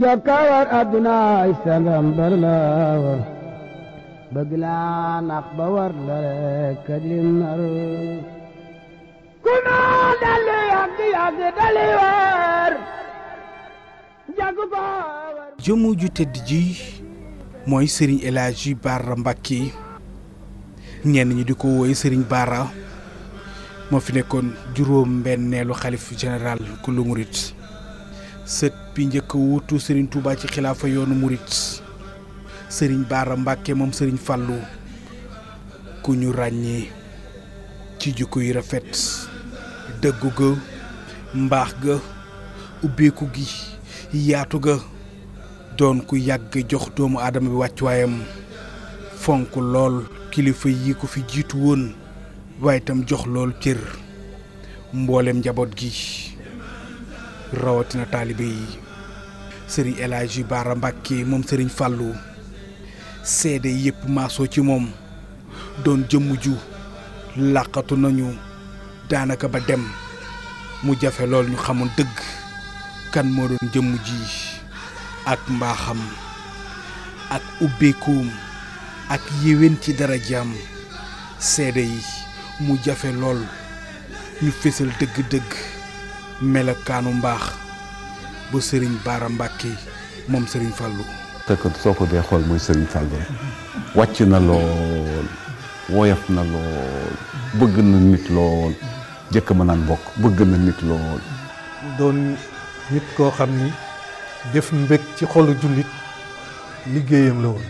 jokka war adduna sangam bar la war bëgg laa nax ba war la rek lim nar ku naa dalu yàgg yàgg dali war jagu ba war jëmu ju tëdd ji mooy sëriñ El Hadji Bara Mbacké ñenn ñi di ko woy sëriñ Bara moo fi nekkoon juróom benneelu xalif général ku lu murit sët bi njëkk wuutu sëriñ Touba ci xilaafa yoonu murit sëriñ Baara Mbàkke moom sëriñ Fàllu ku ñu ràññee ci jikko yi rafet dëggu ga mbaax ga ubbiku gi yaatu ga doon ku yàgg jox doomu aadama bi wàccuwaayam fonk lool kilifa yi ku fi jiitu woon waaye tam jox lool cër mboolem njaboot gi rawatina taalibe yi sëriñ El Hadji Baara Mbàkke moom sëriñ Fàllu seede yëpp maasoo ci moom doon jëmm ju làqatu nañu daanaka ba dem mu jafe lool ñu xamoon dëgg kan moo doon jëmm ji ak mbaaxam ak ubbeekoom ak yéwén ci dara jaam seede yi mu jafe lool ñu fésal dëgg-dëgg melokaanu mbaax bu Serigne baara Mbacke moom Serigne Fallou. te soo ko dee xool mooy Serigne Fallou rek wàcc na lool woyof na lool bëgg na nit lool jëkk ma naan bokk bëgg na nit lool. doon nit koo xam ni def mbég ci xolu jullit liggéeyam la woon.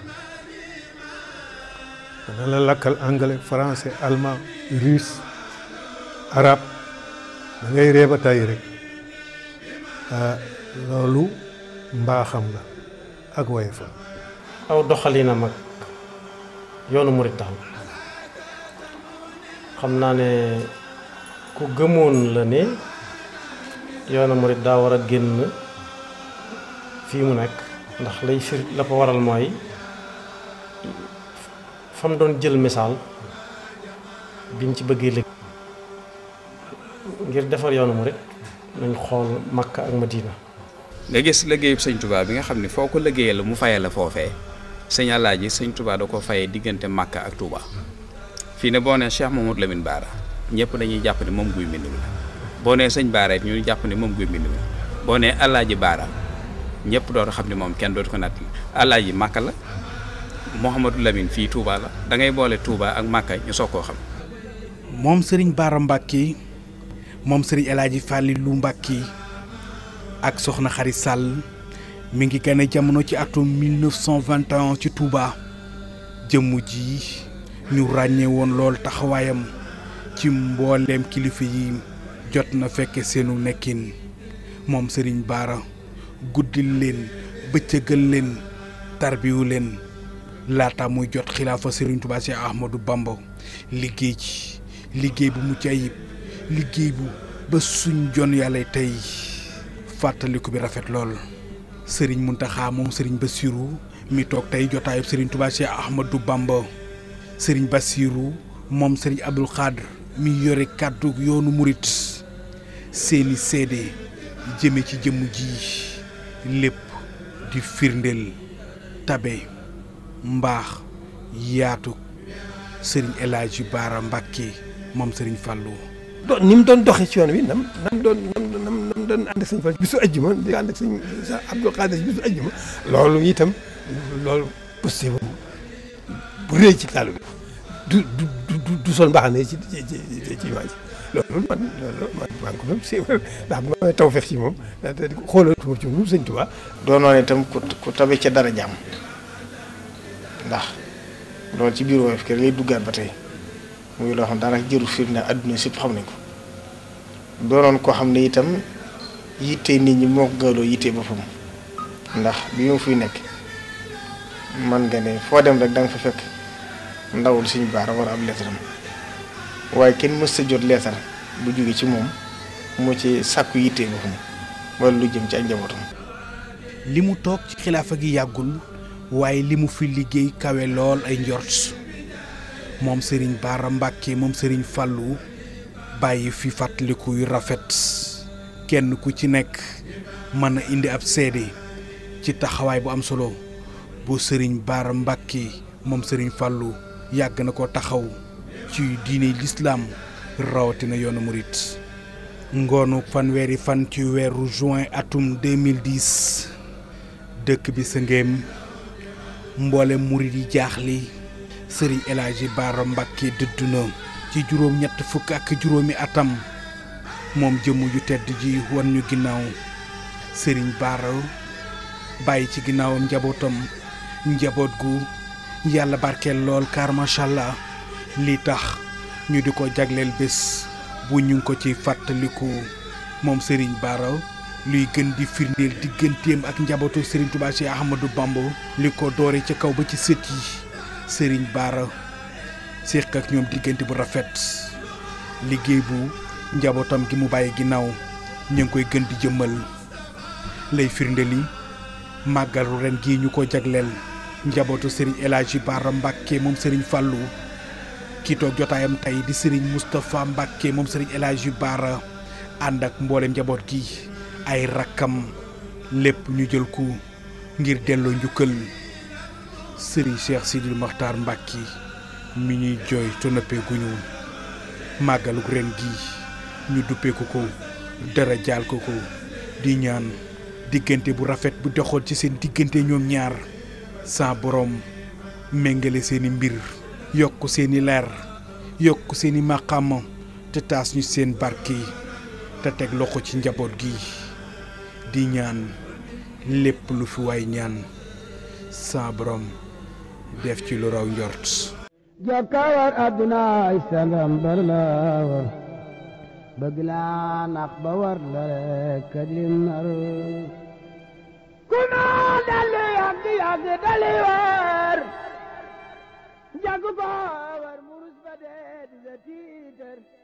dana la lakkal anglais français allemand russe arabe. da ngay ba tàyyi rek ah, loolu mbaaxam la ak woyofa aw doxalina mag yoonu murit tax xam naa ne ku gëmoon la ne yoonu murit daa war a génn fii mu nekk ndax lay fir la ko waral mooy fam doon jël misaal biñ ci bëggee ngir defar yoonu murid nañ xool Makka ak Madina. nga gis liggéeyub sëñ Touba bi nga xam ne foo ko liggéeyee la mu fayee la foofee sëñ Alaaji sëñ Touba da ko fayee diggante Makka ak Touba fii ne boo nee Cheikh Mamadou Lamine Baara ñëpp dañuy jàpp ne moom guy mbind boo nee sëñ Baara it ñu jàpp ni moom guy mbind mi la boo nee Alaaji Baara ñëpp dootu xam ne moom kenn dootu ko natt Alaaji Makka la moo Mouhamadou Lamine fii tuubaa la da ngay boole tuubaa ak Makka ñu soo koo xam. moom Serigne moom sëriñ El Hadji Falilou Mbacké ak soxna Xari Sall mu ngi gane jamono ci atum 1921 ci Touba jëmm ji ñu ràññee woon lool taxawaayam ci mbooleem kilifa yi jot na fekke seenu nekkin moom sëriñ Baara guddil leen bëccëgal leen tarbiwu leen laata muy jot xilaafa sëriñ Touba si Ahmadou Bamba liggéey ci liggéey bu mucc ayib liggéey bu ba suñ jon yàlla tey fàttaliku bi rafet lool sëriñ Muntaxa moom sëriñ Bassirou mi toog tey jotaayub sëriñ Touba Cheikh Ahmadou Bamba sëriñ Bassirou moom sëriñ Abdou Khadre mi yore kàddu yoonu murit seeni seede jëme ci jëmm ji lépp di firndeel tabe mbaax yaatu sëriñ El Hadji Baara Mbàkke moom sëriñ Fallou do ni mu doon doxee ci yoon wi nam nam doon nam nam nam doon ànd ak sëñ Fall bisu ajjuma di ànd ak sëñ Abdou Khadir ci loolu itam loolu posté bu rëy ci taalu bi du du du sol mbaax ne ci ci ci ci waa ji loolu man loolu man maa ngi ko doon siiwal ndax bu ma tawfeex ci moom xoolatuma ci moom sëñ Tuubaa. doonoon itam ku ku tabe dara jàmm ndax loolu ci biir woyof kër lay duggaat ba tey. muy loo xam daanaka jëru firnde adduna si xam nañ ko doonoon koo xam ne itam yitte nit ñi moo ko gëloo yitte boppam ndax bi mu fiy nekk man nga ne foo dem rek danga nga fa fekk ndawul suñu a war a ab leetaram waaye kenn mës sa jot leetar bu jóge ci moom moo ci sàkku yitte boppam wala lu jëm ci ak njabootam li mu toog ci xilaafa gi yàggul waaye li mu fi liggéey kawe lool ay njort moom Serigne Bara Mbacke moom Serigne Fallou bàyyi fi fàttaliku yu rafet kenn ku ci nekk mën a indi ab seede ci taxawaay bu am solo bu Serigne Bara Mbacke moom Serigne Fallou yàgg na ko taxaw ci diine lislaam rawatina yoonu murit ngoonu fanweeri fan ci weeru juin atum 2010 dëkk bi sa mboole murit yi jaaxli sëriñ El Hadji Bara Mbacke na ci juróom ñett fukk ak juróomi atam moom jëmm ju tedd ji wan ñu ginnaaw sëriñ Bara bàyyi ci ginnaawam njabootam njaboot gu yàlla barkeel lool car macha allah lii tax ñu di ko jagleel bés bu ñu ko ci fàttaliku moom sëriñ Bara luy gën di firndeel digganteem ak njabootu sëriñ Tuubaa si Ahmadou Bamba li ko doore ci kaw ba ci sët yi Serigne Bara séq ak ñoom diggante bu rafet liggéey bu njabootam gi mu bàyyi ginnaaw ñu ngi koy gën di jëmmal lay firnde li màggalu ren gii ñu ko jagleel njabootu Serigne El Hadji Bara Mbacke moom Serigne Fallou kii toog jotaayam tey di Serigne Moustapha Mbacke moom Serigne El Hadji Bara ànd ak mboolem njaboot gi ay rakkam lépp ñu jël ko ngir delloo njukkal. sëriñ Cheikh Sidil Maxtaar Mbàkke mi ñuy jooy te noppeeguñu màggaluk ren gi ñu duppeeku ko dara jaal ko ko di ñaan diggante bu rafet bu doxoon ci seen diggante ñoom ñaar saa boroom méngale seeni mbir yokk seeni leer yokk seeni màqaama te taas ñu seen barke te teg loxo ci njaboot gi di ñaan lépp lu fi waay ñaan sa boroom def ci lu raw njort jokkawar àdduna sangam bër la war bëgg laa nax ba war la rek lim nar ku naa dali yàgg yàgg dali war jagu ba war murus ba dee di sa